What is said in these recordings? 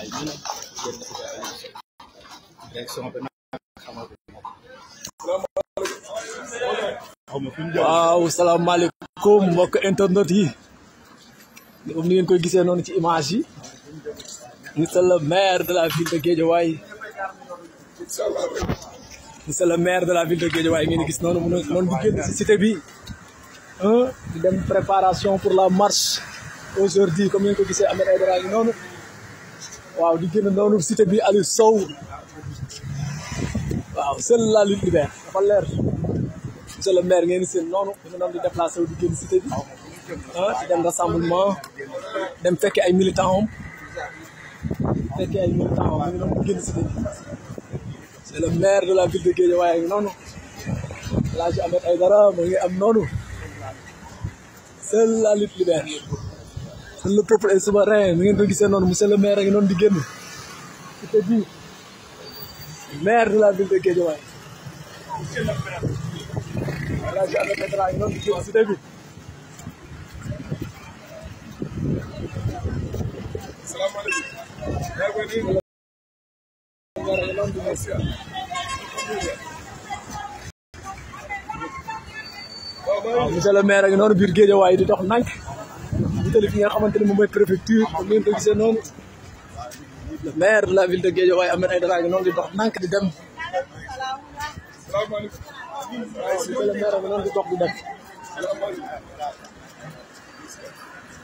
ay ñun génn si ay mbokk internet yi comme ni ngeen koy gisee noonu ci image yi monsieur le de la ville de Guédiawaye monsieur le maire de la ville de Guédiawaye ngeen gis noonu noonu di génn si cité bi di dem préparation pour la marche aujourd'hui comme ni ngeen ko gisee Ahmed Aïdara noonu waaw di génn noonu cité bi Aliou Sow waaw seul la lutte libère dafa leer monsieur le maire ngeen seen noonu dafa doon di déplacé wu di génn cité bi ah, dem rassemblement dem fekkee ay militant am fekkee ay militant am di génn cité bi c'est le maire de la ville de Guédiawaye noonu El Hadj Ahmed Aïdara mu ngi am noonu seul la lutte libère. le peuple est souverain ngeen ko gisee noonu monsieur le maire a ngi noonu di génn c'était dit maire de la ngi noonu di génn c'était dit. waaw monsieur le ngi noonu biir Guédiawaye di dox nànk. wutali fi nga xamante comme ni ngeen ko gisee noonu le maire la ville de Guédiawaye Ahmed Aïdara ngi noonu di dox nànk di dem le maire ngi noonu di dox dem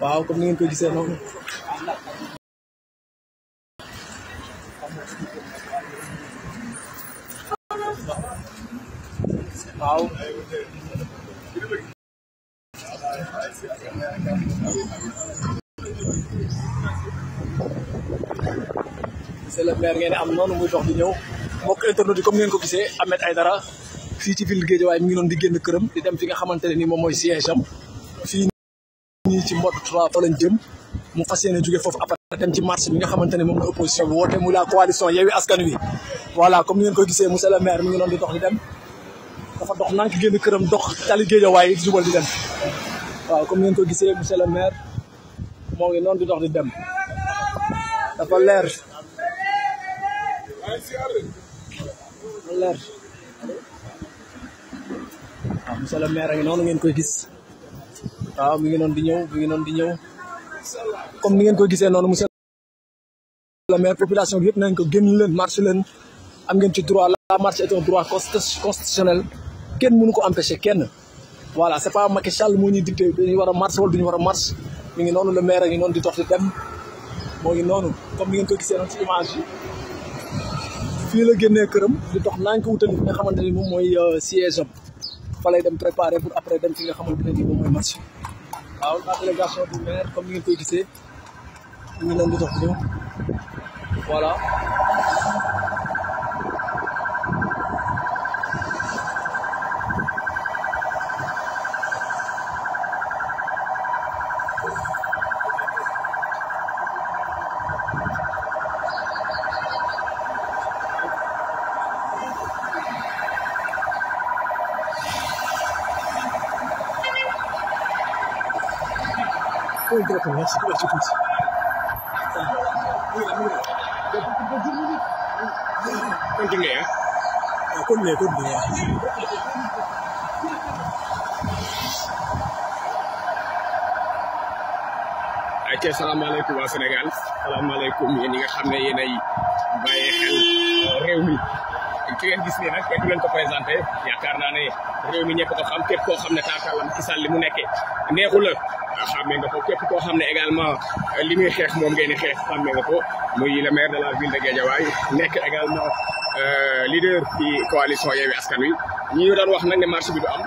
waaw comme ni ngeen ko gisee noonu exemplaire ngeen am noonu muy dox di ñëw mbokk internet yi comme ngeen ko gisee Ahmed Aidara fii ci ville Guédiawaye mi ngi noonu di génn këram di dem fi nga xamante ne nii moom mooy siège am fii ñii lañ jëm mu fas yéene jóge foofu après dem ci marche bi nga xamante ne moom la opposition bi woote muy la coalition Yewwi Askan Wi voilà comme ni ngeen koy gisee monsieur le maire mi ngi noonu di dox di dem dafa dox nank génn këram dox tali Guédiawaye di jubal di dem waaw comme ngeen ko gisee monsieur le maire moo ngi noonu di dox di dem dafa leer leer waaw monsieur le maire a ngi noonu ngeen koy gis waaw mi ngi di ñëw mi ngi noonu di ñëw comme ni ngeen koy gisee noonu monsieur le maire population bi yëpp nañ ko génn leen marche leen am ngeen ci droit la marche est un droit constitutionnel kenn mënu ko empêcher kenn voilà c'est pas Macky Sall moo ñuy dicté dañuy war a marche wala duñu war a marche mi ngi noonu le maire a ngi noonu di dox di dem moo ngi noonu comme ni ngeen koy gisee noonu ci image fii la génnee këram di dox naa ko wutali fi nga xamante ni moom mooy euh, siège am fa lay dem préparer pour après dem fi nga xamante ne ni moom mooy match waaw la délégation du maire comme ni ngeen koy gisee ñu ngi leen di dox ñëw voilà. Ой, дракон, я всегда чекусь. Continue, ya. Continue, continue. ayca salaamaaleykum waa Sénégal salaamaaleykum yéen ñi nga xam ne yéen ay xel réew mi ki ngeen gis nii nag du leen ko présenté yaakaar naa ne réew mi ñëpp ko xam képp koo xam ne taataalam ci sàll li mu nekkee neexu xàmmee nga ko képp xam ne également euh, li muy xeex moom ngeen di xeex xàmmee nga ko muy le maire de la ville de Guédiawaye nekk également euh, leader ci coalition Yewwi Askan Wi ñi ñu doon wax nag ne marche bi du am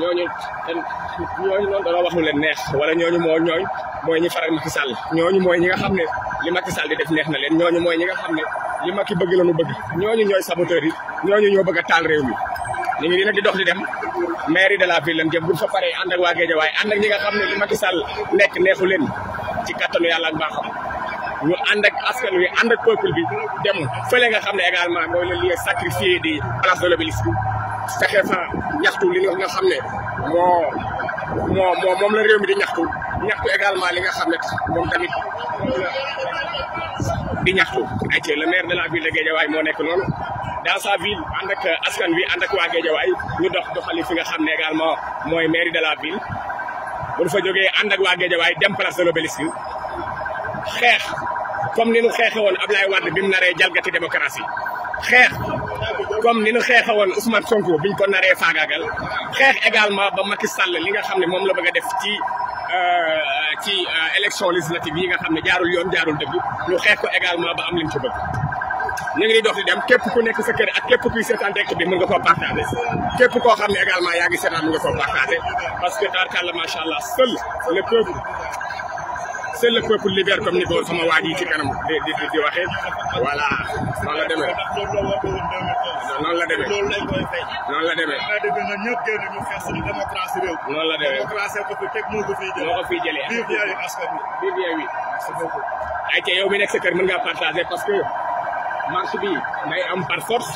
ñooñu ñooñu noonu dañoo wax lu leen neex wala ñooñu moo ñooñ mooy ñi faral Macky Sall ñooñu mooy ñi nga xam ne li Macky Sall di def neex na leen ñooñu mooy ñi nga xam ne li Macky bëgg la ñu bëgg ñooñu ñooy saboteurs yi ñooñu ñoo bëgg a taal réew mi ñu ngi dina di dox di dem mairie de la ville lañ jëm buñ fa paree ànd ak ñi nga xam ne li Macky nekk neexu leen ci kattanu yàlla ak baaxam ñu ànd ak askan wi ànd ak peuple bi dem fële nga xam ne également mooy le di place de l'Obélisque fexe fa moom la réew mi di ñaxtu ñaxtu également li nga xam ne moom tamit di ñaxtu ayca le maire de la ville de Guédiawaye moo nekk noonu dans sa ville ànd ak askan wi ànd ak ñu dox doxali fi nga xam ne également mooy mairie de la ville bu ñu fa jógee ànd ak waa Guédiawaye dem place de l'Obélisque xeex comme ni nu xeexe woon Ablaye Wade bi mu naree jalgati démocratie xeex comme ni nu xeexe woon Ousmane Sonko biñ ko naree faagaagal xeex également ba Macky Sall li nga xam ne moom la bëgg a def ci euh, ci euh, élection législative yi nga xam ne jaarul yoon jaarul dëgg ñu xeex ko également ba am liñ ñu ngi dox dem képp ku nekk sa kër ak képp kuy seetaan rek nga koo partagé képp koo xam ne également yaa ngi seetaan mën nga koo partagé parce que tarkalla macha allah seul le peuple seul le peuple libère comme ni ko sama waaj yi ci kanam di di di waxee voilà noonu la demee noonu la demee noonu la demee. noonu la demee. moo ko fiy jëlee. ay ca yow mi nekk sa kër mën ngaa partagé parce que. marche bi day am par force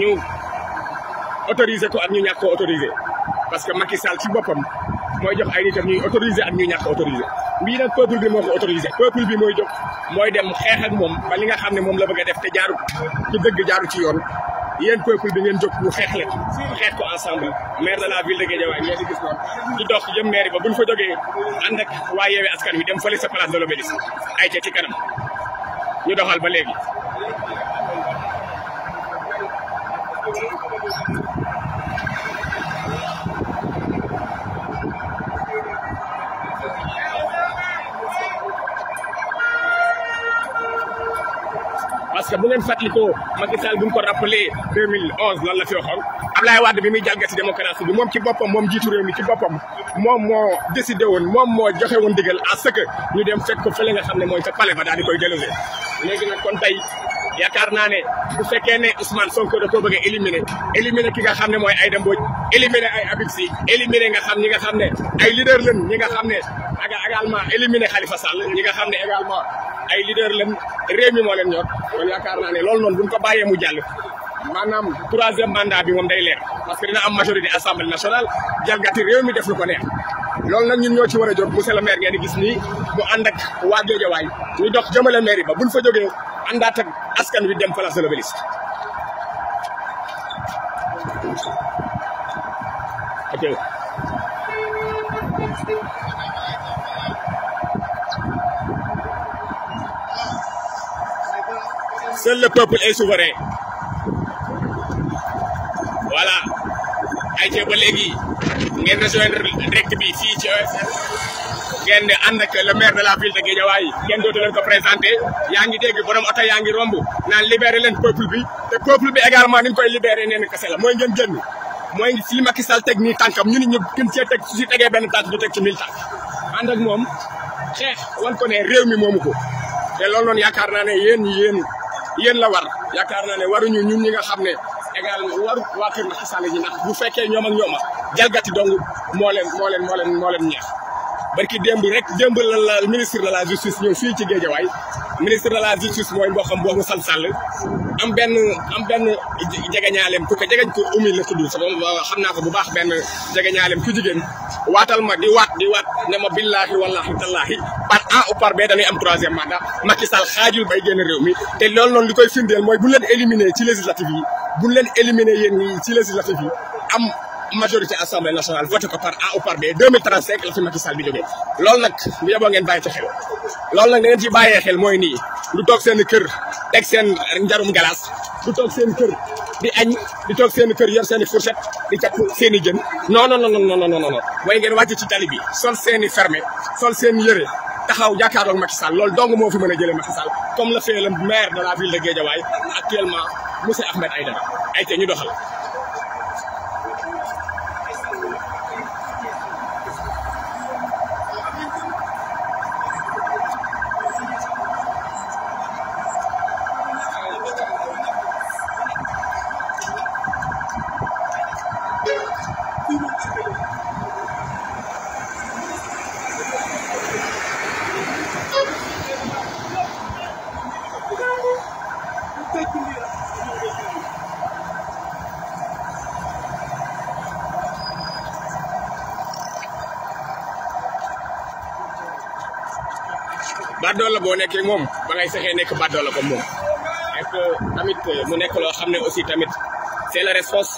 ñu autoriser ko ak ñu ñàkk ko autoriser parce que Macky Sall ci boppam mooy jox ay nitam ñuy autorisé ak ñu ñàkk autoriser mbii nag peuple bi moo ko autorisé bi mooy jox mooy dem xeex ak moom ba li nga xam ne moom la bëgg a def te jaaru ci dëgg jaaru ci yoon yéen peuple bi ngeen jóg ñu xeex leen xeex ko ensemble maire de la ville de Guédiawaye ngeen di gis noonu di dox jëm maire ba buñ fa jógee ànd ak waa yeewee askan wi dem fële sa place de l'Obélisque ay ca ñu doxal ba léegi. parce que bu ngeen fàttalikoo Macky Sall bu ñu ko rappelé 2011 loolu la fi waxoon Ablaye Wade bi muy jalgati démocratie bi moom ci boppam moom jiitu réew mi ci boppam moom moo décidé woon moom moo joxe woon digal à ce que ñu dem fekk ko fële nga xam ne mooy ca palais ba daal di léegi nag kon tey yaakaar naa ne bu fekkee ne Ousmane Sonko da koo bëgg a éliminer ki nga xam ne mooy Aïda Mbodj éliminer ay Habib Sy éliminer nga xam ñi nga xam ne ay leader lañ ñi nga xam ne aga également éliminer Khalifa Sall ñi nga xam ne également ay leader lañ réew mi moo leen ñor kon yaakaar naa ne loolu noonu buñ ko bàyyee mu jàll maanaam troisième mandat bi moom day leer parce que dina am majorité assemblée nationale jalgati réew mi def lu ko neex loolu nag ñun ñoo war a jóg monsieur le ba buñ fa jógee àndaat ak askan wi dem place de voilà ay ci ba léegi ngeen rejoindre direct bi fii ci EFM ngeen ànd ak le maire de la ville de Guédiawaye ngeen dootu leen ko présenté yaa ngi dégg borom oto yaa ngi romb naan libéré leen peuple bi te peuple bi également ni ñu koy libéré nee na kese la mooy ngeen génn mooy li Macky Sall teg ni tànkam ñu ni ñu gën teg si tegee benn tànk ñu teg ci mille tànk ànd moom xeex wan ko ne réew mi moomu ko te loolu noonu yaakaar naa ne yéen yéen yéen la war yaakaar naa ne waruñu ñun ñi nga xam ne également waru waa kër Macky Sall yi ndax bu fekkee ñoom ak ñooma jalgati dong moo leen moo leen moo leen moo barki démb rek démb la la ministre de la justice ñëw fii ci Géejawaay ministre de la justice mooy boo xam boobu Sall Sall am benn am benn jegeñaaleem ku ko jegeñ ko umi la tudd xam naa ko bu baax benn jegeñaaleem ku jigéen waatal ma di waat di waat ne ma billaahi wallaahi tallaahi par A ou par B dañuy am troisième mandat Macky Sall bay génn réew mi te lool noonu li koy mooy bu ñu leen éliminé ci législative yi bu ñu leen éliminé yéen ci am. majorité assemblée nationale voté ko par A ou par B 2035 la fi nag bu yeboo ngeen bàyyi nag da ngeen ciy bàyyee xel mooy nii du toog seen kër teg seen njarum galaas du toog seen kër di añ di toog seen kër yor seen i fourchette di capp seen i jën non non non non non non ngeen wàcc ci tali bi sol seen ferme fermé sol seen yëre taxaw jàkkaarloog Macky Sall loolu dong moo fi mën a jëlee Macky Sall comme le fait le maire de la ville de Guédiawaye actuellement monsieur Ahmed ay te boo nekkee moom ba ngay fexee nekk baddoola ko moom et que euh, mu nekk loo xam ne aussi tamit c' est la respons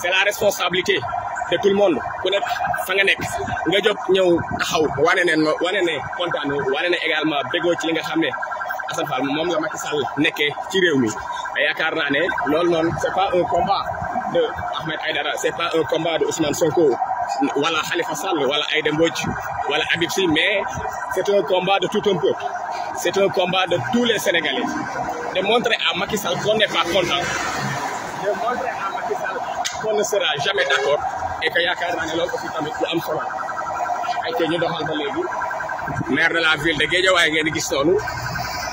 c' est la responsabilité de tout le monde ku nekk fa nga nekk nga jóg ñëw taxaw wane ne wane ne kontaan wane ne également bégoo ci li nga xam ne Assane Fall moom la Macky Sall nekkee ci réew mi te yaakaar naa ne loolu noonu c' est pas un combat de Ahmed Aïdara c' est pas un combat de Ousmane Sonko wala Khalifa Sall wala Aïda Mbodj wala Habib Sy mais c' est un combat de tout un C'est un combat de tous les Sénégalais. De montrer à Macky Sall qu'on n'est pas content. De montrer à Macky Sall ne sera jamais d'accord et que yaakaar naa ne loolu aussi tamit lu am solo ay te ñu doxal ba léegi maire de la ville de Guédiawaye ngeen gis noonu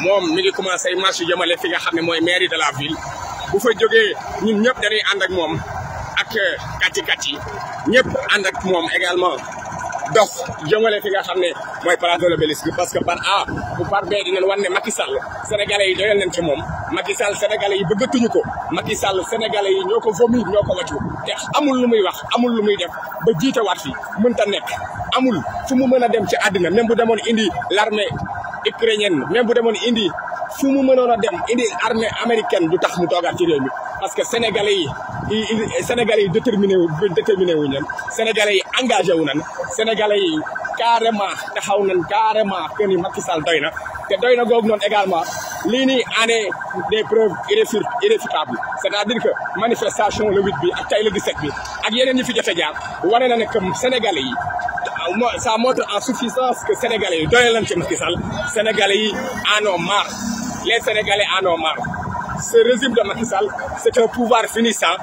moom mi ngi commencé marche jamale fi nga xam ne mooy mairie de la ville bu fa jógee ñun ñëpp dañuy ànd ak moom ak kati kati ñëpp ànd ak moom également dox jëmale fi nga xam ne mooy place de l'Obélisque parce que par A bu par B dinañ wan ne Macky Sall sénégalais yi doyal nañ ci moom Macky Sall sénégalais yi bëggatuñu ko Macky Sall sénégalais yi ñoo ko vomi ñoo ko wàccu te amul lu muy wax amul lu muy def ba jiite waat fi mënta nekk amul fu mu mën a dem ci àddina même bu demoon indi l'armée ukrainienne même bu demoon indi fu mu mënoon a dem indi armée américaine du tax mu toogaat ci réew mi parce que sénégalais yi sénégalais yi déterminé wu déterminé wu ñan sénégalais yi engagé wu nan sénégalais yi carrément taxaw nan carrément que ni Macky Sall doy na te doy na googu noonu également lii nii année des preuves irréfutables c'est-à-dire que manifestation le 8 bi ak tey le 17 bi ak yeneen ñi fi jot a jaar na ne que sénégalais yi ça montre en suffisance que sénégalais yi doy nañ ci Macky Sénégalais yi en ont marre les Sénégalais en ont marre ce régime de Macky Sall c'est un pouvoir finissant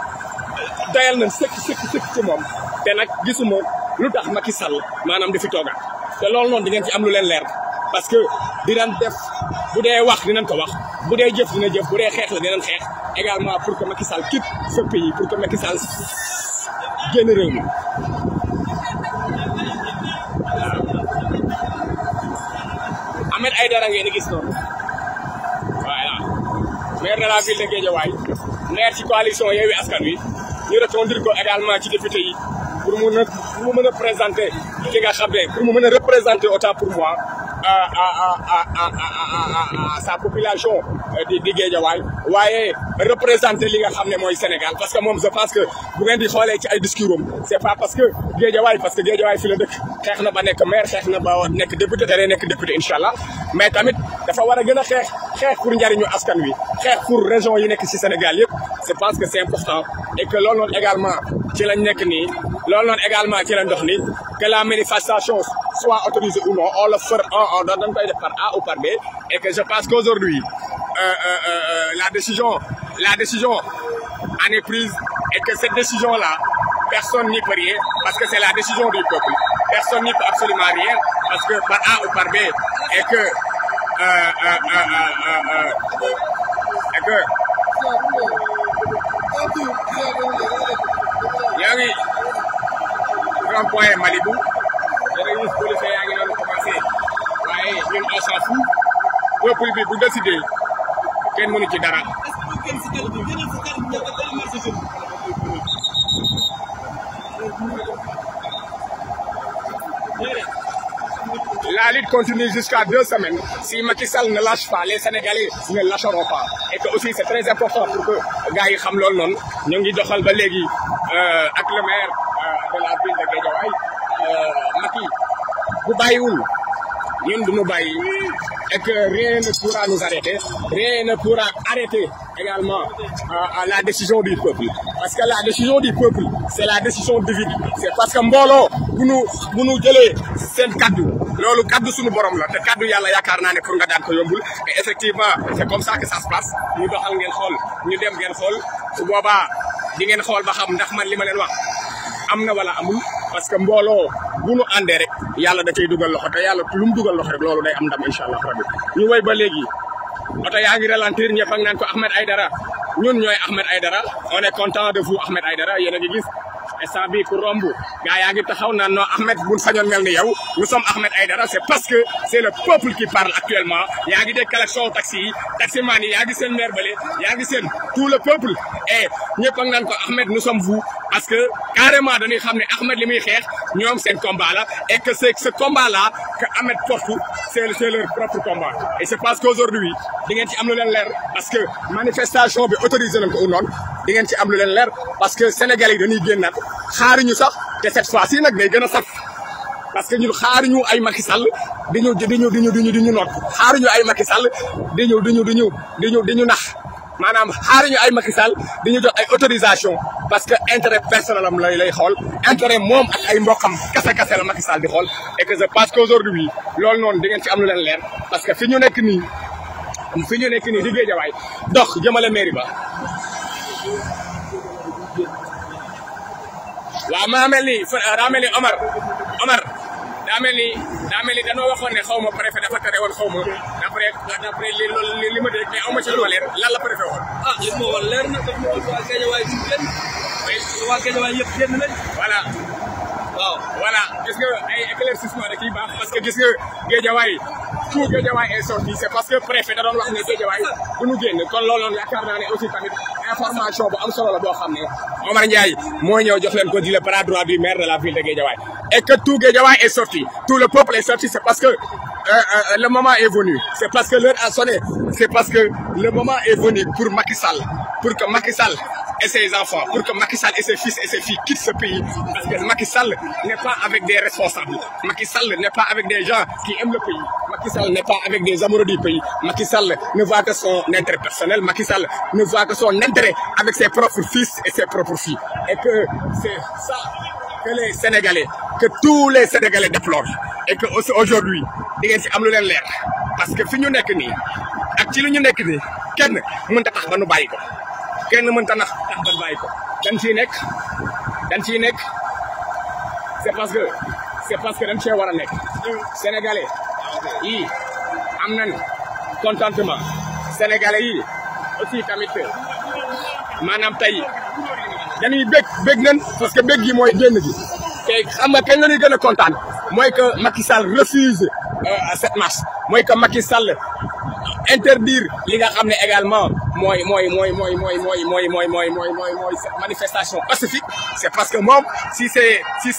doyal nañ sëkk sëkk sëkk ci moom te nag gisuma lu tax Macky Sall maanaam di fi toogaat te loolu noonu di ngeen ci am lu leen leer parce que dinañ def bu dee wax dinañ ko wax bu dee jëf dina jëf bu dee xeex la dinañ xeex également pour que Macky Sall quitte ce pays pour que Macky Sall génn réew ay dara ngeen gis noonu voilà maire de la ville de Guédiawaye maire ci coalition Yewwi Askan Wi ñu reconduire ko également ci député yi pour mu mën a mu mën a présenter ki nga xam ne mu mën a représenter autant pour moi à sa population di di Guédiawaay waaye représenter li nga xam ne mooy Sénégal parce que moom je pense que bu ngeen di xoolee ci ay c'est pas parce que Guédiawaay parce que Guédiawaay fi la xeex na ba nekk maire xeex na ba nekk député te nekk député incha mais tamit dafa war a gën a xeex xeex pour njariñu askan wi xeex pour région yi nekk si Sénégal yëpp je pense que c'est important et que loolu noonu également ci lañ nekk nii loolu noonu également ci lañ dox nii que la manifestation soit autorisée ou non on ordre dañ koy def par A ou par B et que je pense qu'aujourd'hui euh, euh, euh, la décision la décision en est prise et que cette décision là personne n'y peut rien parce que c'est la décision du peuple personne n'y peut absolument rien parce que par A ou par B et que et que yaa ngi rond-point Malibu. puy bu ñu décidé kenn mënu ci dara. La lutte continue jusqu'à deux semaines. Si Macky Sall ne lâche pas, les Sénégalais ne lâcheront pas. Et aussi c'est très important pour que gars yi xam loolu noonu ñu ngi doxal ba léegi euh, ak le maire euh, de la ville de Guédiawaye euh, Macky bu bàyyiwul ñun du ñu bàyyi. et que rien ne pourra nous arrêter. Rien ne pourra arrêter également euh, à, la décision du peuple. Parce que la décision du peuple, c'est la décision divine. C'est parce que mbooloo bu nu bu nu jëlee seen kaddu loolu kaddu suñu borom la te kaddu yàlla yaakaar naa ne pour nga daan ko yombul et effectivement c'est comme ça que ça se passe ñu doxal ngeen xool ñu dem ngeen xool su boobaa di ngeen xool ba xam ndax man li ma leen wax am na wala amul parce que mbooloo. bu nu àndee rek yàlla da cay dugal loxo te yàlla lu mu dugal loxo rek loolu day am ndam incha allah rabbi ñu way ba léegi oto yaa ngi ralentir ñëpp a ngi naan ko Ahmed Aidara ñun ñooy Ahmed Aidara on est content de vous Ahmed Aidara yéen a ngi instant bii ku romb gaa yaa ngi taxaw na non Ahmed buñ sañoon mel ni yow nous sommes Ahmed Aïdara c' est parce que c' le peuple qui parle actuellement yaa ngi dégg collection taxi yi taximaan yi yaa seen maire bële yaa seen tout le peuple et ñëpp a naan ko Ahmed nous sommes vous parce que carrément dañuy xam ne Ahmed li muy xeex ñoom seen combat et que c'est ce combat que Ahmed porte c' leur propre combat et je pense que aujourd'hui di ci am lu leen leer parce bi autorisé nañ xaaruñu sax te cette fois ci nag day gën a saf parce que ñun xaaruñu ay Macky Sall di ñu di ñu di ñu di ñu di ñu noot xaaruñu ay Macky Sall di ñu di ñu di ñu di ñu di nax maanaam xaaruñu ay Macky Sall di ñu jox ay autorisation parce que intérêt personnel am lay lay xool intérêt moom ak ay mbokkam kese kese la Macky Sall di xool et que je pense qu'aujourd'hui loolu noonu di ngeen ci am lu leen parce que fi ñu nekk nii fi ñu nekk nii di Guédiawaye dox jëmale mairie ba waaw maa mel ni daa mel ni Omar Omar daa mel ni daa mel ni danoo waxoon ne xaw ma préfet dafa tere woon xaw ma d'après li li li ma dégg mais ma ci lu ma leer lan la préfet woon. Ah, leer na waa Guédiawaye suñu génn. waa Guédiawaye yëpp génn nañ. waaw voilà gis nga ay éclaircissement da baax parce que gis nga géejawaay tout géejawaay est sorti c' est parce que préfet wax ne géejawaay du ñu kon looloon yaakaar naa ne aussi tamit information bu am solo la boo xam ne Omar Ndiaye moo ñëw jox leen ko di le bras droit du maire de la ville de Guédiawaye et que tout Guédiawaye est sorti tout le peuple est sorti c'est parce que euh, euh, le moment est venu c'est parce que l'heure a sonné c'est parce que le moment est venu pour Macky Sall pour que et ses enfants, pour que Macky Sall et ses fils et ses filles quittent ce pays. Parce que Macky Sall n'est pas avec des responsables. Macky Sall pas avec des gens qui aiment le pays. Macky Sall pas avec des amoureux du pays. Macky ne voit que son intérêt personnel. Macky ne voit que son intérêt avec ses propres fils et ses propres filles. Et que c'est ça que les Sénégalais, que tous les Sénégalais déplorent. Et que aujourd'hui, di si am lu leer parce que fi ñu nekk nii ci li ñu nekk nii kenn mënta bàyyi ko. kenn mënta nax tax ba bàyyi ko. dañ ciy nekk dañ ci nekk c'est parce que c'est parce que dañ nekk. sénégalais yi am nañ contentement. sénégalais yi aussi tamit maanaam tey dañuy bég bég nañ parce que bég gi mooy génn gi. te xam nga kañ gën a kontaan mooy que Macky Sall refuse euh, cette marche mooy que Macky Sall. interdire li nga xam ne également mooy mooy mooy mooy mooy mooy mooy mooy mooy mooy mooy mooy manifestation pacifique c' parce que moom si c' est si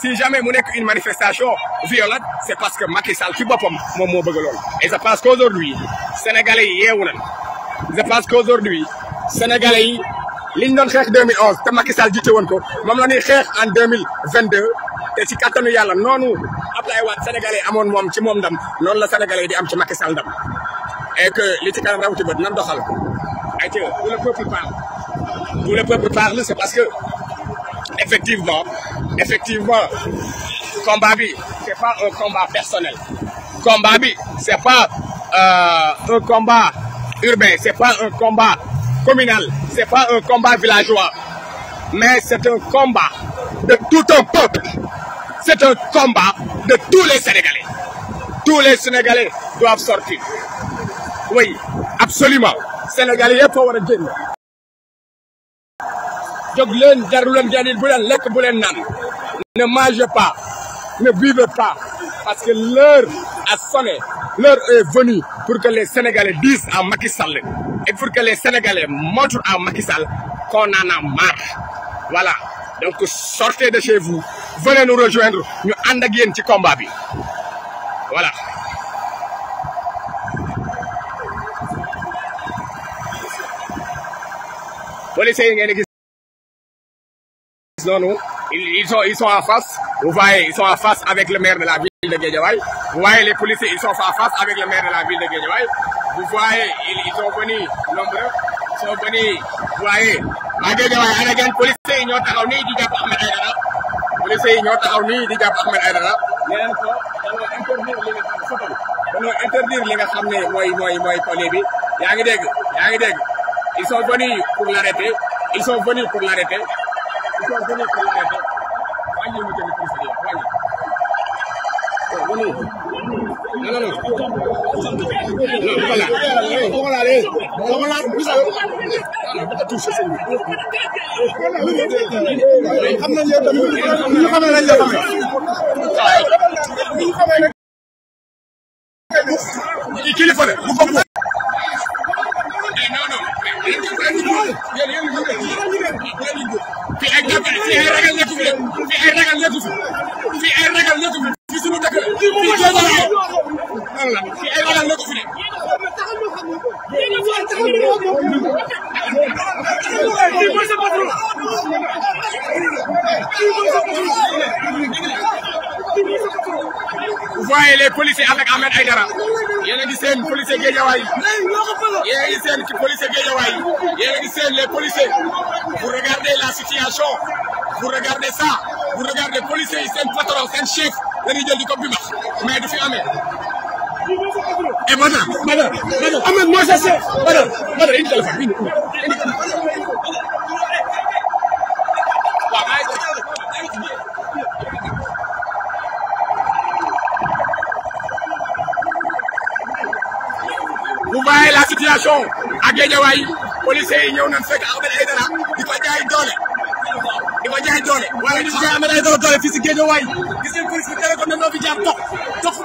si jamais mu nekk une manifestation violente c' est parce que Macky Sall ci boppam moom moo bëgg loolu et je pense qu'aujourd'hui sénégalais yi yeewu nañ je pense qu'aujourd'hui sénégalais yi li doon xeex 2011 te Macky Sall jiite woon ko moom la ñuy xeex en te ci kattanu yàlla noonu Abdoulaye Wade sénégalais amoon moom ci moom ndam noonu la sénégalais di am ci Macky Sall ndam que li ci kanam rawati ba nan doxal ay te tout le peuple parle parce que effectivement effectivement combat bi c'est pas un combat personnel combat bi c'est pas euh, un combat urbain c'est pas un combat communal. Ce n'est pas un combat villageois, mais c'est un combat de tout un peuple. C'est un combat de tous les Sénégalais. Tous les Sénégalais doivent sortir. Oui, absolument. Sénégalais yëpp a war a génn. jóg jaru leen bu leen lekk bu leen naan. Ne mangez pas, ne buvez pas. Parce que l'heure a sonné, l'heure est venue pour que les Sénégalais disent à Macky Sall pour que les Sénégalais montrent à Macky Sall qu'on en Voilà. Donc sortez de chez vous, venez nous rejoindre, ñu ànd ak yéen ci combat bi. Policiers yi ils sont ils sont en face vous voyez ils sont en face avec le maire de la ville de Guédiawaye vous voyez les policiers ils sont face avec le maire de la ville de Guédiawaye vous voyez ils sont venus nombreux ils sont venus vous voyez à Guédiawaye ana ngeen policiers yi ñoo taxaw nii di jàpp Ahmed Aidara policiers yi ñoo taxaw nii di jàpp Ahmed Aidara nee ko dañoo interdire li nga xam interdire li nga xam ne mooy mooy mooy yaa ngi dégg ils sont venus pour l'arrêter ils sont venus suasana kelemahan hanya menjadi peristiwa banyak. kilifa la bu ko fi ay ragal nekk fi fi ay ragal a la fi ay ragal nekk fi de. Vous voyez les policiers avec Ahmed Aïdara yéen a ngi seen policier Guédiawaye yéen a ngi seen policier a ngi les policiers vous regardez la vous regardez ça vous regardez policiers yi seen patron seen chef dañuy jël di ko bimax mais du fi amee. et Badara Badara Badara Ahmed mooy sa chef la situation ak Guédiawaye policiers yi ñëw nañ fekk Ahmed Aïdara di ko jaay di ko jaay doole waaye ni mu jaay amee ay doole fii si géejo waay gis ngeen police bi tere ko ne doo fi jaar dox dox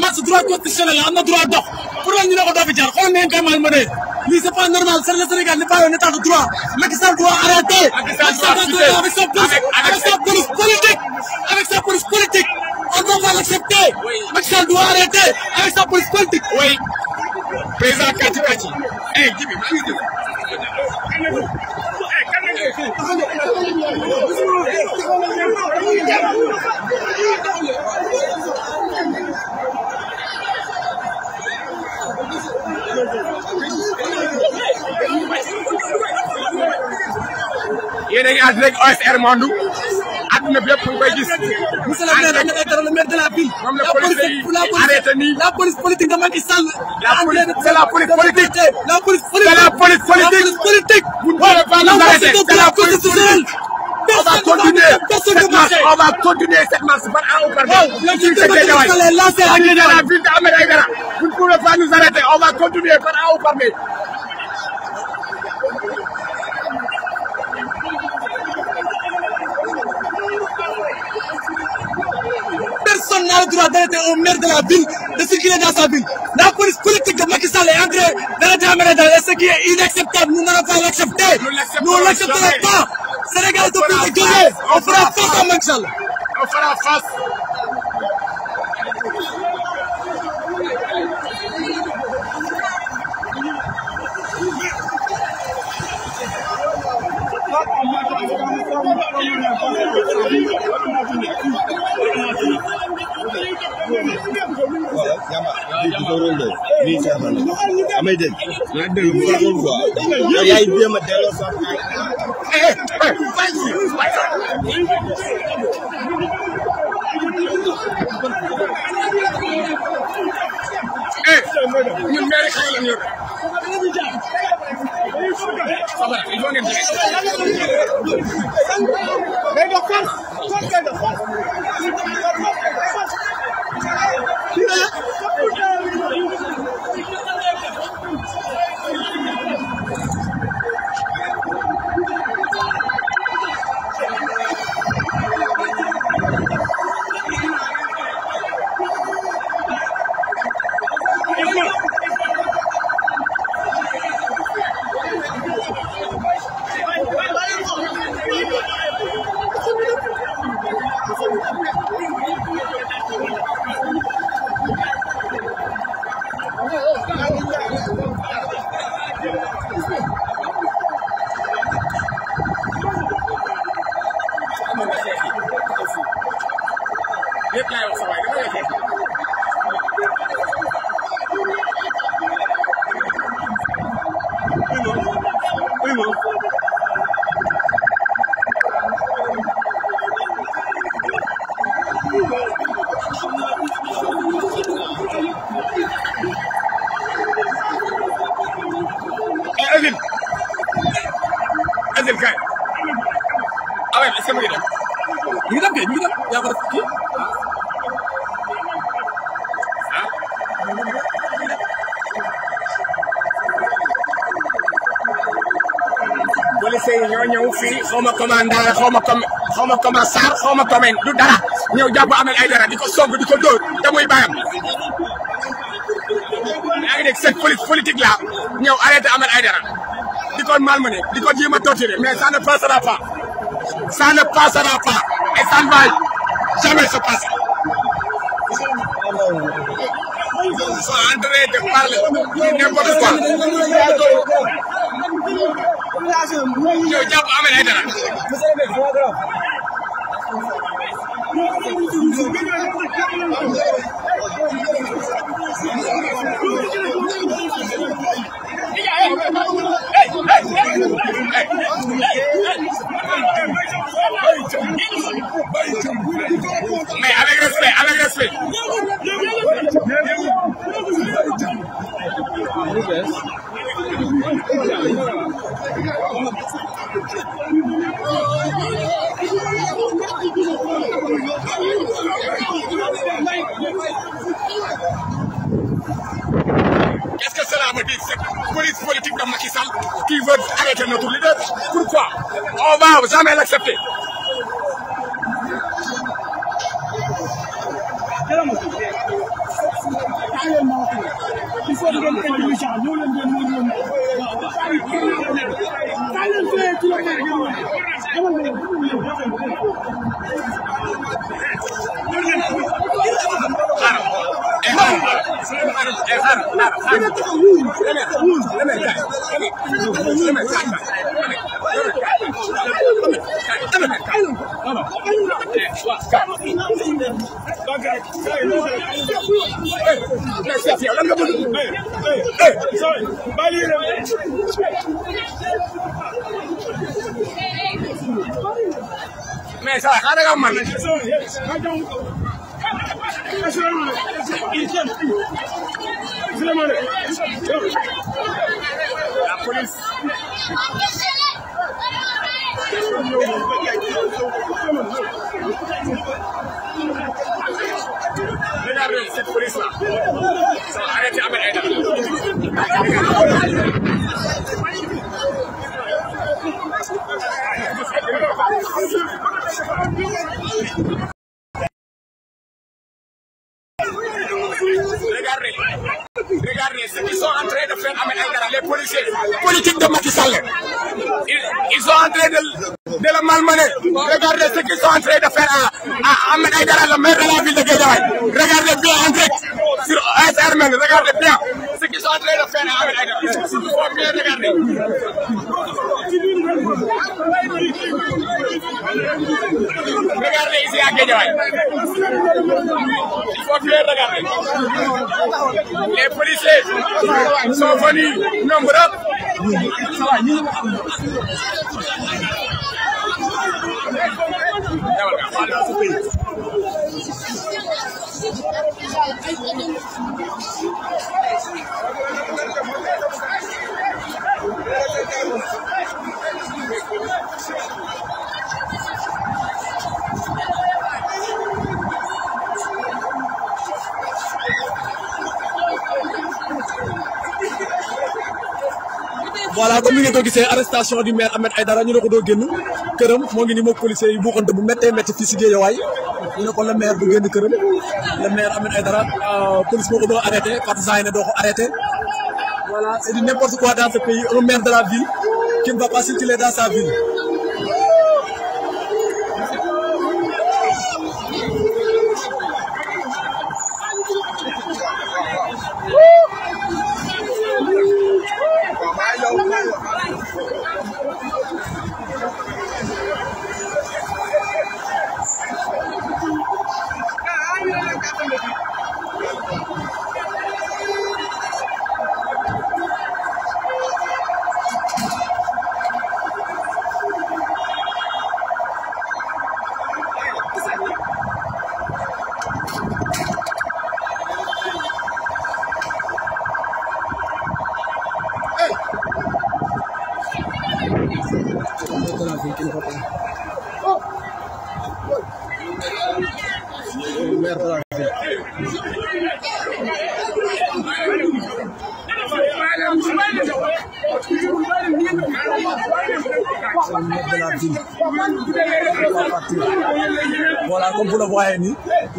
marche droit constitutionnel am na droit dox pour lan ñu ne ko doo fi jaar xool ngeen koy mal ma dee lii c'est pas normal c'est le Sénégal n'est pas un état de droit Macky Sall doit arrêter Macky Sall doit arrêter avec sa police avec sa police politique avec sa police politique on doit pas l'accepter Macky Sall doit arrêter avec sa police politique oui président kati kati eh jibi maa ngi dégg yéen a ngi ànd rek OSR Monde àdduna bi yëpp ñu koy gis. monsieur le maire Ahmed Aïdara le maire de la ville. moom la police yi arrêté nii la police politique de Macky Sall. la police c'est la police politique. la police politique la police politique. bu ñu la arrêté continuer cette marche on va continuer cette marche par A ou par B. Oh, la ville de Ahmed Aïdara. vous ne pouvez pas nous arrêter on va continuer par A ou par B. personne n'a le droit d'arrêter un maire de la ville de circuler dans sa ville. La police politique de Macky Sall est en train d'arrêter Ahmed Aïdara et ce qui est inacceptable nous n'allons pas l'accepter. nous ne l'accepterons pas. Sénégal te fii la jógee on fera face à Macky Sall. on fera face. Amay dégg. Yaa ngi jéem a delloo sax. ñun maire xale la ñu yor Fabara il faut ngeen xaw ma commandant xaw ma com xaw ma commissaire xaw ma commune du dara ñëw jàpp Ahmed Aidara di ko song di ko dóor te muy bàyyam. yaa ngi dégg cette politique ñëw arrêté Ahmed Aidara di ko malmené a torturé ne passera pas ça ne passera pas et ça ne va jamais se passer. ils sont en train de parler Ahmed Aidara accepté saa xaaral nga mën la police Regardez cette police-là. Ça va arrêter Ahmed Aïdara. Regardez, regardez ce qu'ils sont en train de faire Ahmed Aïdara, les policiers politiques de Macky Sall. Ils, ils sont en train de, de le malmener. Regardez ce qu'ils sont en train de faire à, à Ahmed Aïdara, le maire de la ville de Guédiawaye. Regardez bien en direct. sur ASR Mène regardez bien ce qu'ils sont en train de faire à Ahmed Aïdara il faut bien regarder. regardez ici à Guédiawaye il faut bien regarder les policiers sont venus nombreux. bi Thank you. voilà comme ni ngeen ko gisee arrestation du maire Ahmed Aïdara ñu ne ko doo génn këram moo ngi ni moog policiers yi buuxante bu méttee métti fii si Guédiawaye ñu ne ko le maire du génn këram le maire Ahmed Aïdara euh, police moo ko doo arrêté partisan yi ne doo ko arrêté voilà c'est du n'importe quoi dans ce pays un maire de la ville qui ne sa ville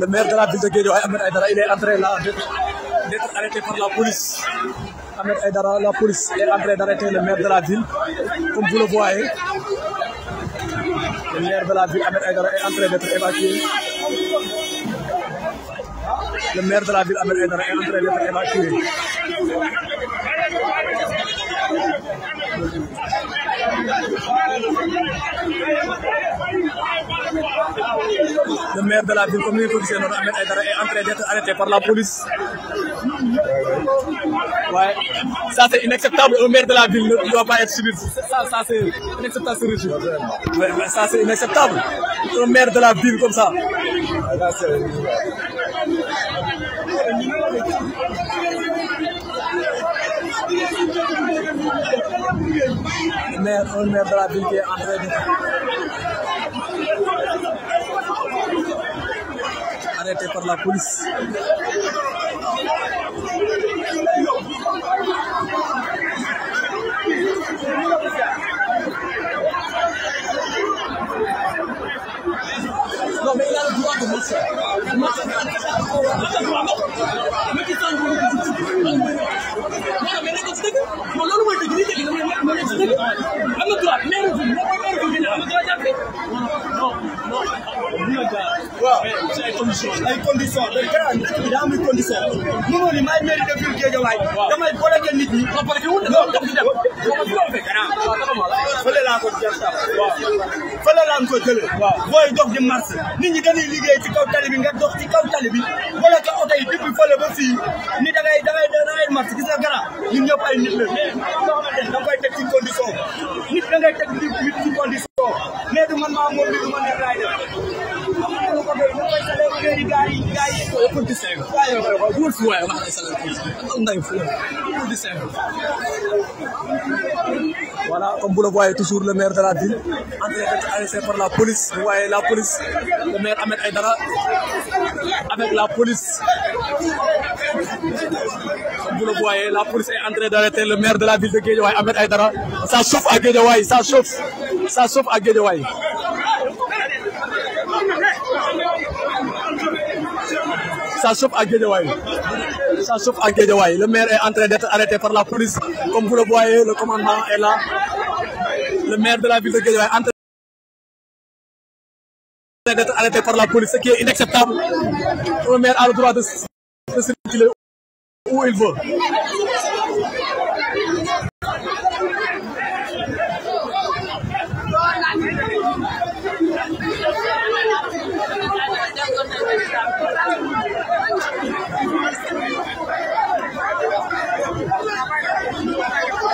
le maire de la ville de Guédiawaye Ahmed Aïdara il est en train là d'être arrêté par la police Ahmed Aïdara la police est en train d'arrêter le maire de la ville comme vous le voyez le maire de la ville Ahmed Aïdara est en train d'être évacué le maire de la ville Ahmed Aïdara est en train d'être évacué maire de la ville comme ni ñu ko gisee par la police. waaye ouais. ça c'est de la ville ne doit pas être subir ça ça c'est inacceptable ce régime mais, mais ça c'est inacceptable de la ville comme ça. maire de la ville qui est en train arrêtés par la police. Non, mais il a le droit de marcher. Il marche pas. Non, mais waaw ay conditions ay conditions te gannaaw dëkk bi daa am ay conditions. mënoo ni maay mairie de ville Guédiawaye. damay bloqué nit ñi. non parce que wut dafa dem fële laa ko jël waaw fële laa ko jëlee. waaw booy dox di marché. nit ñi dañuy liggéey ci kaw tali bi nga dox ci kaw tali bi. wala ka oto yi depuis fële ba fii ni da ngay da ngay da ngay marché ñëpp ay nit la mais da nga koy nit da ngay teg ci condition mais du maa moom li du man disagree. I good for comme vous le toujours le maire de la ville, entré arrêté par la police. Vous voyez la police, le maire Ahmed Aydara, avec la police. Comme vous la police est en train le maire de la ville de Guédiawaye, Ahmed Aydara. Ça chauffe à Guédiawaye, ça chauffe, ça chauffe à Guédiawaye. ça chauffe à Guédiawaye ça chauffe à Guédiawaye le maire est en d'être arrêté par la police comme vous le voyez le commandant est là le maire de la ville de Guédiawaye en train d'être arrêté par la police ce qui est inacceptable le maire a le droit de se circuler où il veut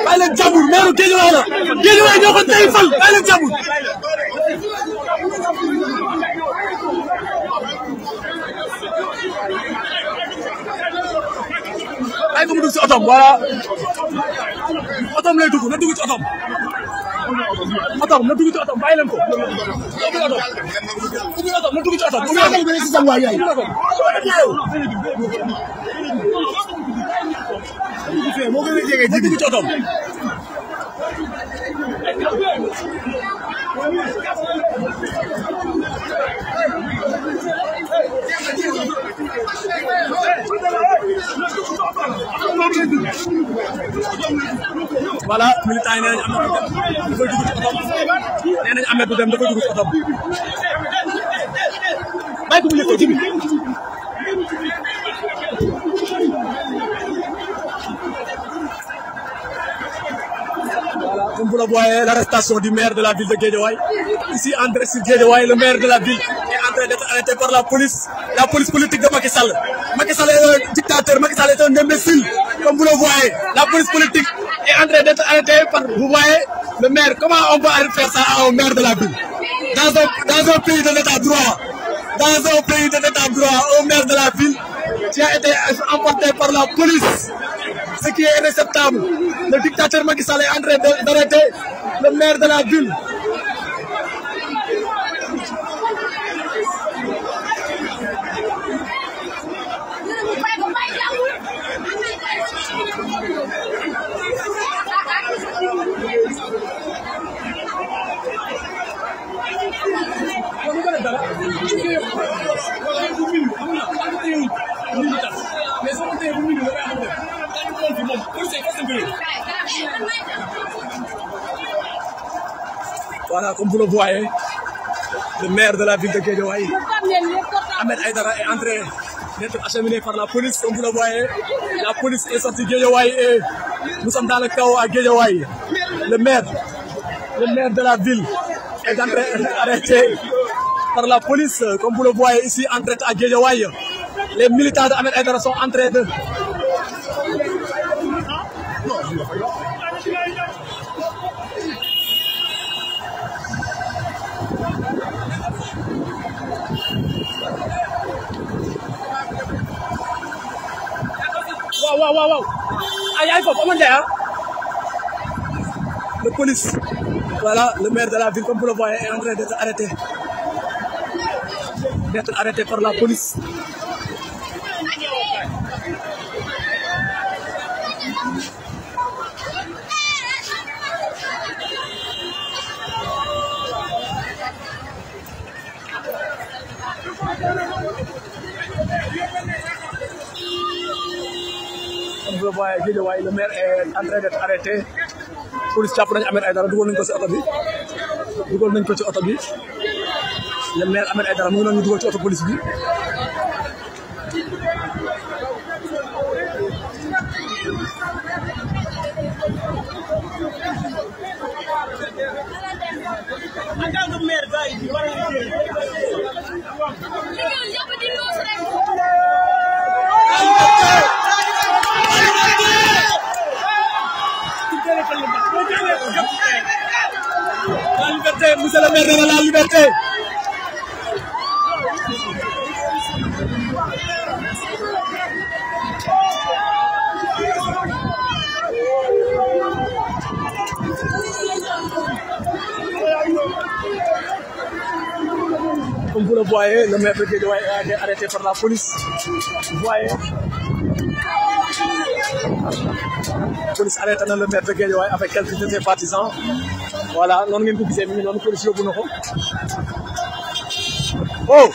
bàyyi leen jàmbur meeru Guédiawaye la Guédiawaye ñoo ko tey fal bàyyi dugg na dugg ci otom otom na dugg ci otom bàyyi leen ko ubbil otom na dugg ci otom ubbil otom moo gën a jege ji bi ci otoom voilà militant yi nee nañu am na ko dem da koy dugg ci otoom nee nañu am na ko dem da koy dugg ci otoom bàyyi ko mu yëg ko ji bi vous la police, politique de Macky Sall. Macky est un dictateur, Macky Sall La police politique est en train d'être par, vous le maire. Comment on peut faire ça à un maire de la ville dans un, dans un pays de l'état droit, dans un pays de l'état droit, au maire de la ville, qui a été emporté par la police. Ce qui est réceptable. Le dictateur Macky Sall est en le maire de la ville Voilà, comme vous le le maire de la ville de Guédiawaye, Ahmed Aïdara est en train d'être par la police. Comme vous le la police est sortie de Guédiawaye et nous sommes dans le maire, le maire de la ville est en par la police. Comme vous le ici, en à Guédiawaye, les militants d'Ahmed Aïdara sont en de... waaw waaw waaw ay ay foofu amoon ah le police voilà le maire de la ville comme vous le voyez est en train d'être arrêté d'être arrêté par la police Guédiawaye Guédiawaye le maire est en train d'être arrêté police jàpp nañu Ahmed Aïdara dugal nañu ko ci oto bi dugal nañu ko ci oto bi le maire Ahmed Aïdara mu ngi noonu ñu dugal ci oto police bi maire de la liberté voyez, le maire de Guédouaï a été arrêté par la police. Vous voyez. La police arrête le maire de Guédouaï avec quelques de ses partisans. Voilà, non, même vous pouvez, non, police, vous Oh!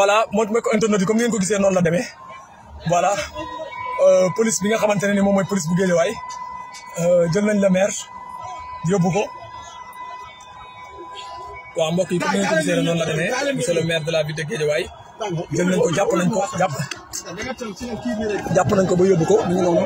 voilà moo ma ko internet yi comme ni ngeen ko gisee noonu la demee voilà euh, police bi nga xamante ne ni moom mooy police bu Guédiawaye euh, jël nañ la maire yóbbu ko waaw mbokk yi comme ni ngeen ko gisee noonu la demee monsieur de la ville de Guédiawaye jël nañ ko jàpp nañ ko jàpp jàpp ba yóbbu ko ñu ngi noonu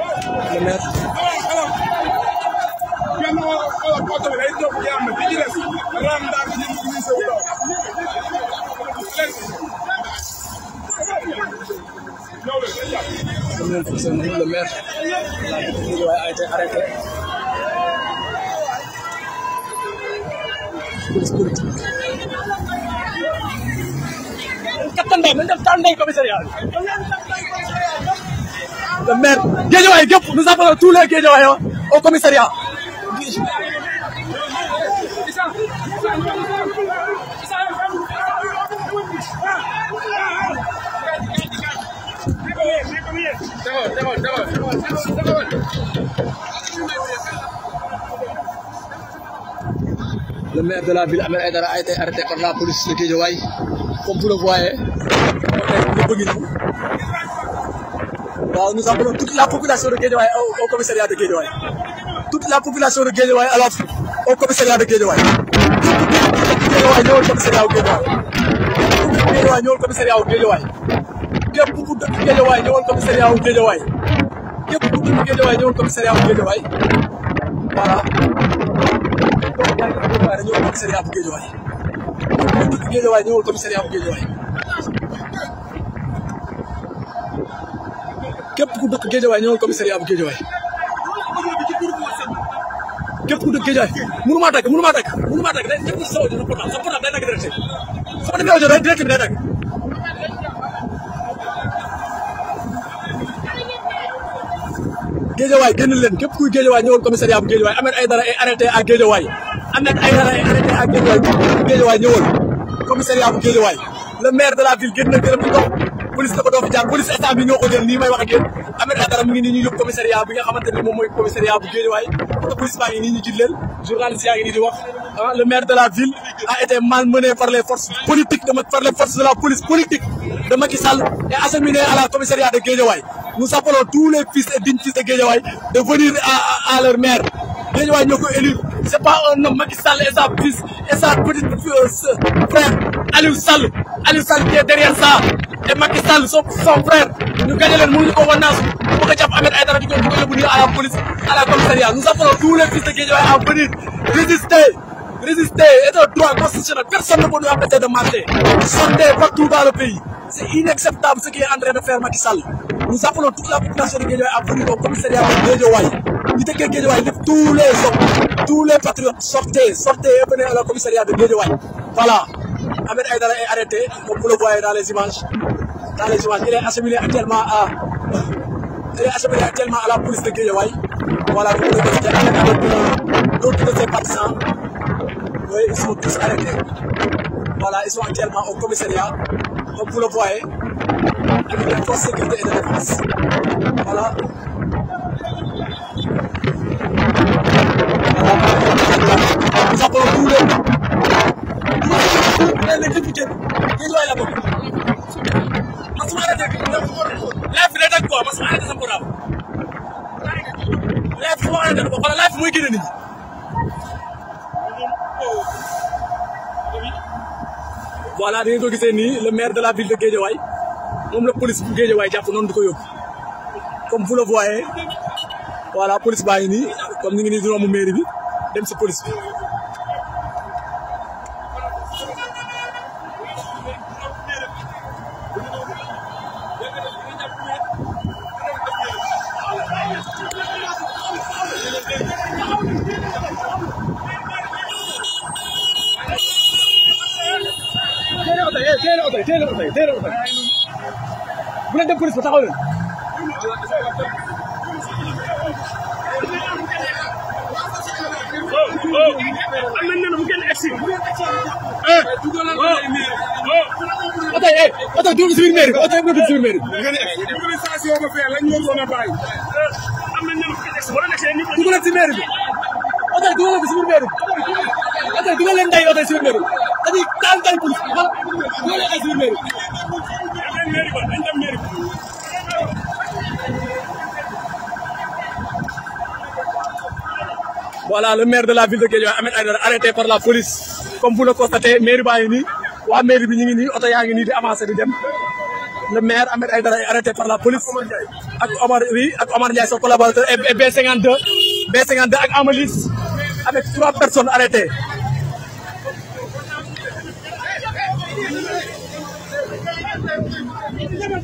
comme ni mu seen le maire Guédiawaye a été arrêté. capitaine Ndeye nañu def taal Ndeye commissariat bi. les Guédiawayois demal demal demal le maire de la ville Ahmed Aïdara a été arrêté par la police de Guédiawaye comme vous le voyez nous appelons toute la population de Guédiawaye au, au commissariat de Guédiawaye toute la population de Guédiawaye à la au commissariat de Guédiawaye Guédiawaye ñëwal commissariat wu Guédiawaye Guédiawaye ñëwal commissariat wu Guédiawaye Guédiawaye ñëwoon commissariat wu Guédiawaye képp ku dugg Guédiawaye ñëwoon commissariat wu Guédiawaye voilà doomu jaay doomu jaay rek ñëwoon commissariat bu Guédiawaye ku dugg Guédiawaye ñëwoon commissariat bu Guédiawaye képp ku dëkk Guédiawaye ñëwoon commissariat bu Guédiawaye képp ku dëkk Guédiawaye mënu maa dagg mënu maa dagg mënu maa dagg day ñëpp sa audio na portable sa portable day dagg direct sama def audio direct bi day dagg géejawaay leen képp kuy géejawaay ñëwoon commissariat bu géejawaay Ahmed Aïdara est arrêté à géejawaay Ahmed Aïdara est arrêté à géejawaay géejawaay ñëwoon commissariat bu géejawaay le maire de la ville génn na gërëm di dox police na ko jaar police état bi ñoo ko jël may wax ak yéen Ahmed Aïdara mu ngi nii ñu yóbbu commissariat bi nga xamante ni moom mooy commissariat bu géejawaay te police baa ngi nii ñu jiit leen journaliste yaa ngi nii di wax ah, le maire de Nous appelons tous les fils et dignes fils de Guédiawaye de venir à, à, leur maire. Guédiawaye ñoo ko élire c'est pas un homme Macky et sa fils et sa petite euh, frère Aliou Sall Aliou Sall qui est derrière et Macky son frère ñu gagné leen mënuñu ko wannaasu bu ko jàpp Ahmed Aïdara di ko di ko yóbbu nii à la police à la commissariat nous appelons tous les fils de Guédiawaye à venir résister résister est un droit constitutionnel personne ne peut nous de marcher sortez partout dans le C'est inacceptable ce qui est en de faire Macky Sall. Nous appelons toute la population de Guédiawaye à venir au commissariat de Guédiawaye. Ñu tëggee Guédiawaye lépp tous les hommes, tous les patriotes, sortez, sortez et venez à la commissariat de Guédiawaye. Voilà. Ahmed Aïdara est arrêté, le voyez dans les images. il est assimilé actuellement à la police de Guédiawaye. Voilà, vous pouvez constater avec d'autres de ses partisans. Oui, ils sont tous arrêtés. Voilà, ils sont actuellement au comme vous le voyez avec la force sécurité et de défense voilà nous appelons tous les les députés ñu looy la bëgg masuma arrêté live bi day dagg quoi masuma arrêté sa programme live bi moo arrêté ko xoolal live bi mooy génne nit ñi voilà di ngeen ko le maire de la ville de Guédiawaye moom la police bu Guédiawaye jàpp noonu di ko yóbbu comme vous le voyez voilà police baa ngi nii comme ñu ngi nii di bi dem si police téye leen oto yi téye leen oto yi téye leen bu leen police bu kenn egsi. oto yi oto yi dugg oto yi a bu kenn egsi boo doon oto yi dugg leen si biir mairie bi oto yi dugg leen ndey yi si biir an le maire de la ville de Guédiawaye Ahmed Aïdara arrêté par la police comme vous le constatez mairie baa ngi nii waa mairie bi ñu ngi nii oto di avancé di dem le maire Ahmed Aïdara est arrêté par la police ak Omar oui ak Omar Ndiaye son collaborateur et B52 B52 ak Amalis avec trois personnes arrêtées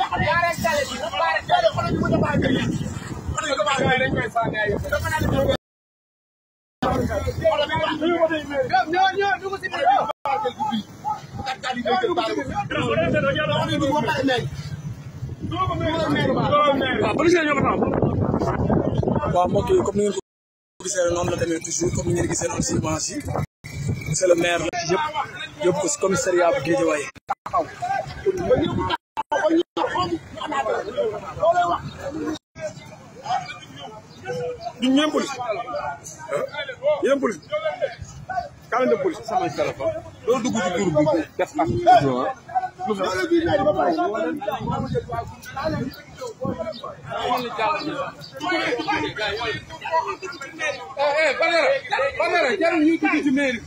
nga xam ne ñaareel tale bi dafa baare tale xoolal ñu ko dafa kër yi xoolal ñu ko dafa kër yi dañ koy sànni ay dafa naa leen ko ñoo ñoo dugg si biir yow kat kat yi dañ koy baare ko ba pare mel waaw mbokk yi comme ni ngeen ko gisee noonu la demee toujours comme ni ngeen gisee noonu si image yi monsieur le maire la yëpp yóbbu ko si commissariat bu Guédiawaye ñun ñu dem police ñu dem police kaay dem police sama téléphone doo dugg ci tur bi def ak Badara jarul ñuy dugg ci mairie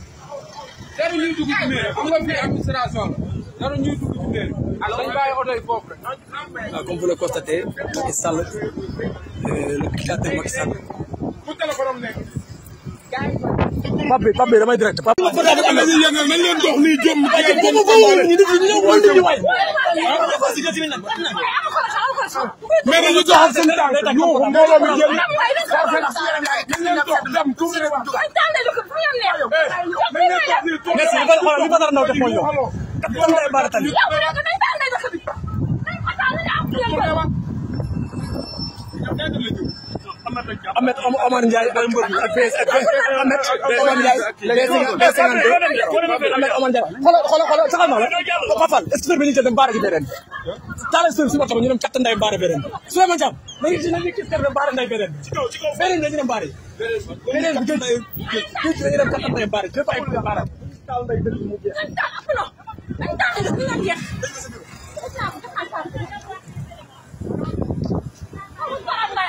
jarul ñuy dugg ci mairie xam ah, nga fii administration la jarul ñuy dugg ci mairie ak dañ bàyyi oto yi foofu rek comme vous le constatez Macky Sall le dictateur Macky Sall. Pape Pape damay direct Pape. am nañu yëngal nañu leen dox nii jom. waaye jëm ko mais dañu joxal seen tànk ñu mbooloo mi jël ñu leen dox dem tuuti rek. merci li ko li ko dara ndaw def mooy ñoom. Amet Omar Ndiaye ak ak PS ak Amet Omar Ndiaye PS Amet Omar Ndiaye xoolal xoolal xoolal saxal ma la Fapal est-ce que ñu jël dem baara ji beneen taala seen suma tama ñu dem katt nday baara beneen Souleymane Thiam na ngi dina ngi kis kar dem baara nday beneen beneen dañu dem baara beneen bi gëj gëj dañu dem katt nday baara jëf ay baara taal nday beneen mu jeex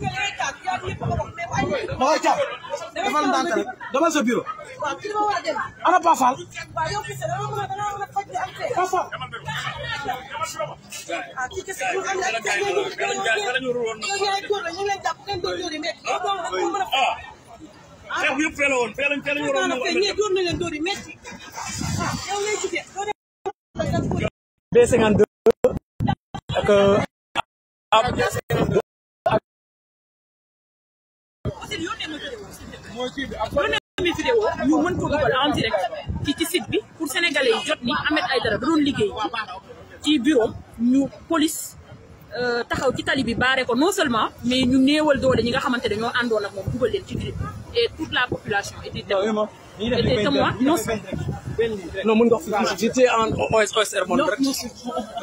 da ngay caaf defal ndànk rek ana Paa Fall. Paa Fall. xeex yëpp fee la woon fee lañ fee lu ne vidéo ñu mën ko dugal en direct ci ci site bi pour sénégalais yi jot ni Ahmed Aïdara da doon liggéey ci bureau ñu police euh, taxaw ci tali bi baare ko non seulement mais ñu néewal doole ñi nga xamante ne ñoo àndoon ak moom dugal leen ci grippe et toute la population était témoin était témoin non non mën nga wax j'étais en OS OSR mon direct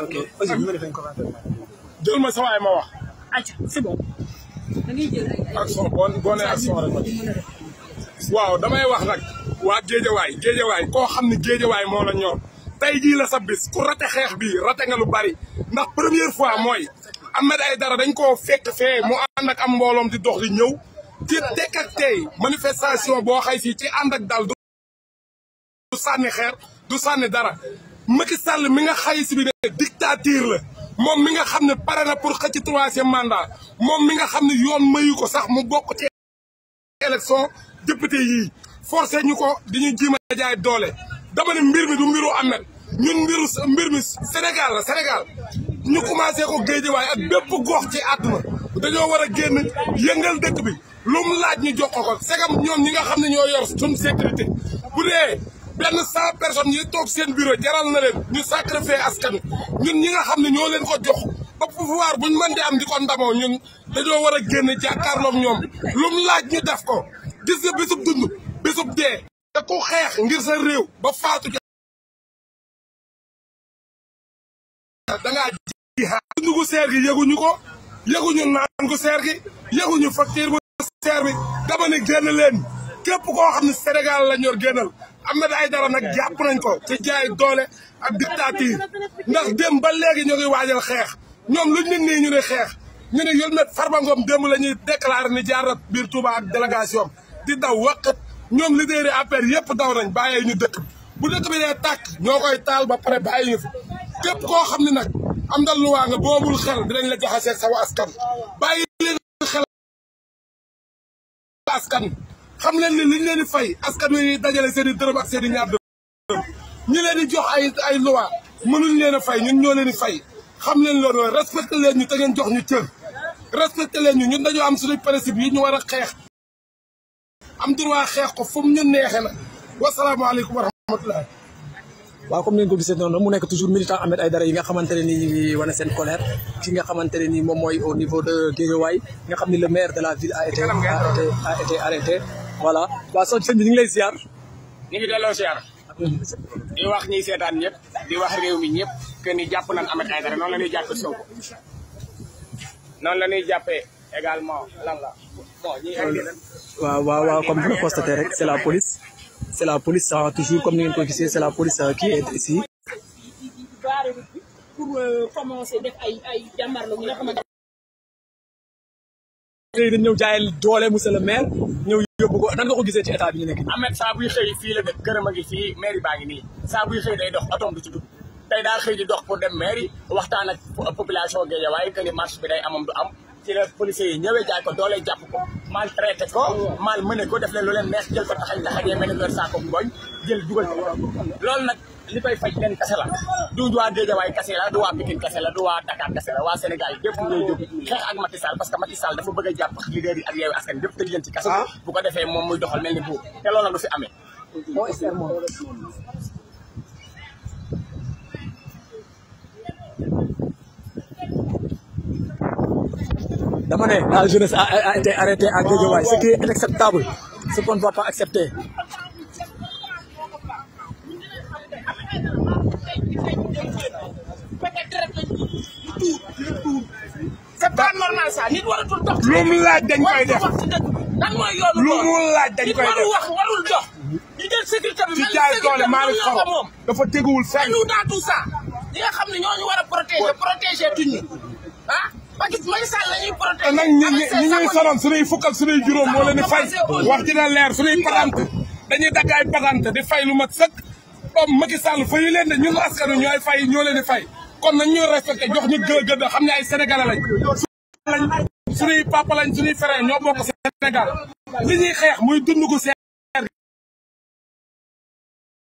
ok ah. jël ma sa waay ma wax aca c'est bon da ngay jël waaw damay wax nag waa géejawaay géejawaay koo xam ne géejawaay moo la ñor tey jii la sa bis ku rate xeex bi rate nga lu bari ndax première fois mooy Ahmed dara dañ koo fekk fee mu ànd ak am mbooloom di dox di ñëw ci tekk ak tey manifestation boo xay si ci ànd ak dal du sànni xeer du sànni dara Macky sàll mi nga xay si bi ne dictature la moom mi nga xam ne pare na pour xëcc troisième mandat moom mi nga xam ne yoon mayu ko sax mu bokk ci élection député yii forcé ñu ko di ñu jiima jaay doole dama ne mbir mi du mbiru Ahmed ñun mbiru mbir mi Sénégal la Sénégal ñu commencé ko géejewaay ak bépp gox ci àdduna dañoo war a génn yëngal dëkk bi lu mu laaj ñu jox ko ko segam ñoom ñi nga xam ne ñoo yor suñ sécurité bu dee benn cent personnes yi toog seen bureau jaral na leen ñu sacrifier askan ñun ñi nga xam ne ñoo leen ko jox ba pouvoir buñ mën di am di ko ndamoo ñun dañoo war a génn jàkkaarloog ñoom lu mu laaj ñu def ko gis nga bésub dund bésub dee xeex ngir sa réew ba faatu ci dangaa jihaad dund gu seer gi yëguñu ko yëguñu naan gu seer gi yëguñu facture bu seer bi dama ne génn leen képp koo xam ne Sénégal la ñor génnal am na Ahmed dara nag jàpp nañ ko ci jaay doole ak dictature ndax dem ba léegi ñoo ngi waajal xeex ñoom luñ leen nii ñu ne xeex ñu ne Yolmet far Ngom démb la ñuy déclaré ni jaar biir Touba ak délégation di daw waqat ñoom leader yi APR yëpp daw nañ bàyyee ñu dëkk bu dëkk bi dee tàkk ñoo koy taal ba pare bàyyi ñu fi képp koo xam ne nag am ndal lu waa nga boobul xel dinañ la jaxasee saw askan bàyyi leen xel askan xam leen ni liñ leen di fay askan wi dajale seen i dërëm ak i ñaar dërëm leen di jox ay ay loi mënuñ leen a fay ñun ñoo leen di fay xam leen loolu respecté leen ñu te ngeen jox ñu cër respecté leen ñu ñun dañoo am si suñu principe yi ñu war a xeex am droit xeex ko fu mu ñu neexee nag wasalaamaaleykum wa rahmatulah. waaw comme ni nga ko gisee mu nekk toujours militant Ahmed Aïdara yi nga xamante ne nii ñu ngi wane seen colère ki nga xamante ne nii moom mooy au niveau de Guédiawaye nga xam ni le maire de la ville a été a été a été arrêté voilà. waaw soo sëñ bi ñu ngi lay ziar. ñu wax ñiy seetaan ñëpp di wax réew mi ñëpp que ni jàpp nañ Ahmed Aïdara noonu la ñuy jàppee Sonko noonu la ñuy jàppee également lan la bon ñii waaw waaw comme vous le constatez rek c'est la police c'est la police ah toujours comme ko gisee c'est la police euh, qui est ici. pour euh, commencer def ay ay jàmbarloo ñu nga xamante ne. dañ ñëw jaayal doole monsieur le ko nan nga ko gisee ci état bi ñu nekk. Ahmed saa buy la def këram a ngi fii mairie baa ngi nii saa xëy day dox atom du ci dugg tey daa di dox pour dem mairie waxtaan ak population Guédiawaye que ni marche bi day amam du am. ci la policiers yi ñëwee jaay ko doole jàpp ko maltraité ko mal mëne ko def leen lu leen neex jël ko taxañ taxañee mel ni ko saako ngooñ jël dugal ko loolu nag li koy faj leen kase la du waa Géejawaay kase la du waa Pikine kase la du waa Dakar kase la waa Sénégal yëpp ñooy jóg xeex ak Macky parce que Macky dafa bëgg a jàpp leader yi ak yeewi askan yëpp tëj leen ci kase ah. bu ko defee moom muy doxal mel ni buur te loolu nag du fi dama ne la jeunesse a, a été arrêtée à Guédiawaye ce qui est inacceptable ce qu'on ne pas accepter c'est pas normal ça nit waratul laaj dañ koy def lan laaj dañ koy def nit warul wax warul dox. ñu sécurité bi mel ni sécurité bi moom dafa teguwul fenn. ñu dans tout ça. xam ne ñoo ñu war a protéger protéger Macky Macky Sall la ñuy protéger. Eh, nag ñu ñu ñuy sonal juróom moo leen di fay wax dina leer suñuy patante dañuy dagg ay patante di fay lu mat sëkk. comme Macky Sall fayu leen de ñun askanu ñooy fay ñoo leen di fay kon nañ ñoo respecté jox ñu gë xam ne ay sénégalais lañ. suñuy papa lañ suñuy frère ñoo bokk Sénégal li ñuy xeex muy dund gu seer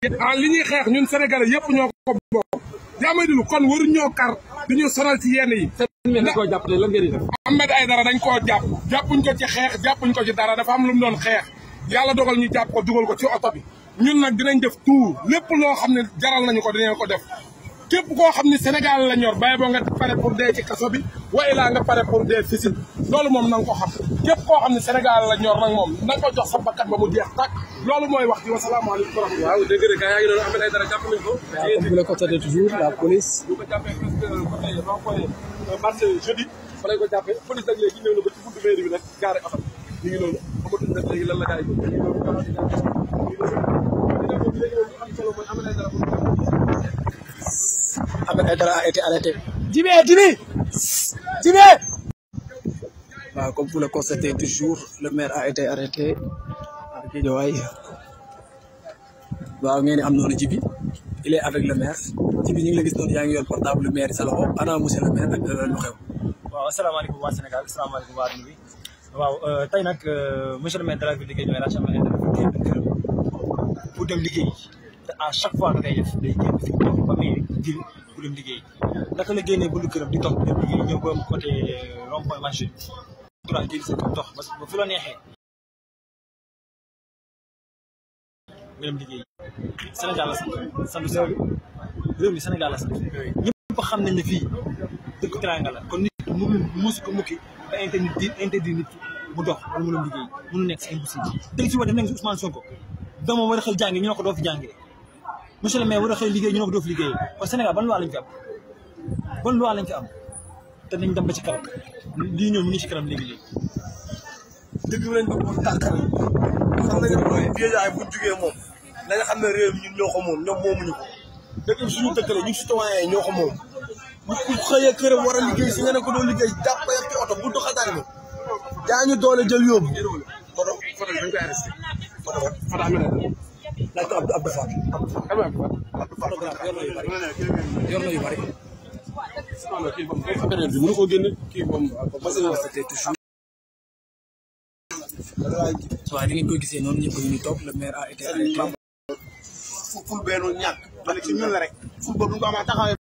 gi. Ah, li ñuy xeex ñun sénégalais yëpp ñoo ko bokk. yaa may dund kon waruñoo kar. di ñu sonal ci yenn yi. ay Aidara dañ koo jàpp jàppuñ ko ci xeex jàppuñ ko ci dara dafa am lu mu doon xeex yàlla dogal ñu jàpp ko dugal ko ci oto bi ñun nag dinañ def tout lépp loo xam ne jaral nañu ko dinañ ko def képp koo xam ni Sénégal la ñor bàyyi boo nga pare pour dee ci kaso wa ilaa nga pare fisik loolu moom na xam Ahmed Aïdara a été arrêté. Djibé Djibé Djibé Comme vous le constatez toujours, le maire a été arrêté à Guédiouaï. waaw ngeen di am noonu Djibi il est avec le maire Djibi ñu ngi la gis noonu yaa ngi yor portable maire yi sa loxo ana monsieur le maire ak euh, lu xew. waaw asalaamaaleykum waa Sénégal asalaamaaleykum waa Rémy waaw euh, tey nag euh, monsieur le maire de la ville liggéey te à chaque fois da ngay def day génn fii dil bu dem liggéey naka la génnee bundu këram di dox dem liggéey ñëw ba côté euh, rond point marché dox parce que ba fu la neexee nga dem liggéey Sénégal la sant sant sa réew mi Sénégal la sant ñëpp xam ne fii dëkk teranga la kon nit mu musu ko mukki ba interdit di interdit nit mu dox wala mu dem liggéey mënu nekk c'est impossible dëgg si wax def nañ si Sonko doomam war a xel jàngi ñu ne ko doo fi jàngee monsieur le maire war a xëy liggéey ñu ne ko doof liggéey waaye Sénégal ban loi lañ fi am ban loi lañ fi am te nañ dem ba ci kanam lii ñëw ñu dëgg na ko moom ñoom moomuñu ko dëkk bi suñu dëkk ko moom bu ku xëyee ko doo liggéey jàpp bu du xataan ni yaa ñu doole jël yóbbu laaj ko Abdou Abdou Fall. Abdou Fall yor na yu bari. mënu ko génne kii moom waaw ni ngeen ko gisee noonu ñëpp ñu ngi toog le maire a été arrêté. ful benn ñàkk. ma ne ci rek. ful boobu du ko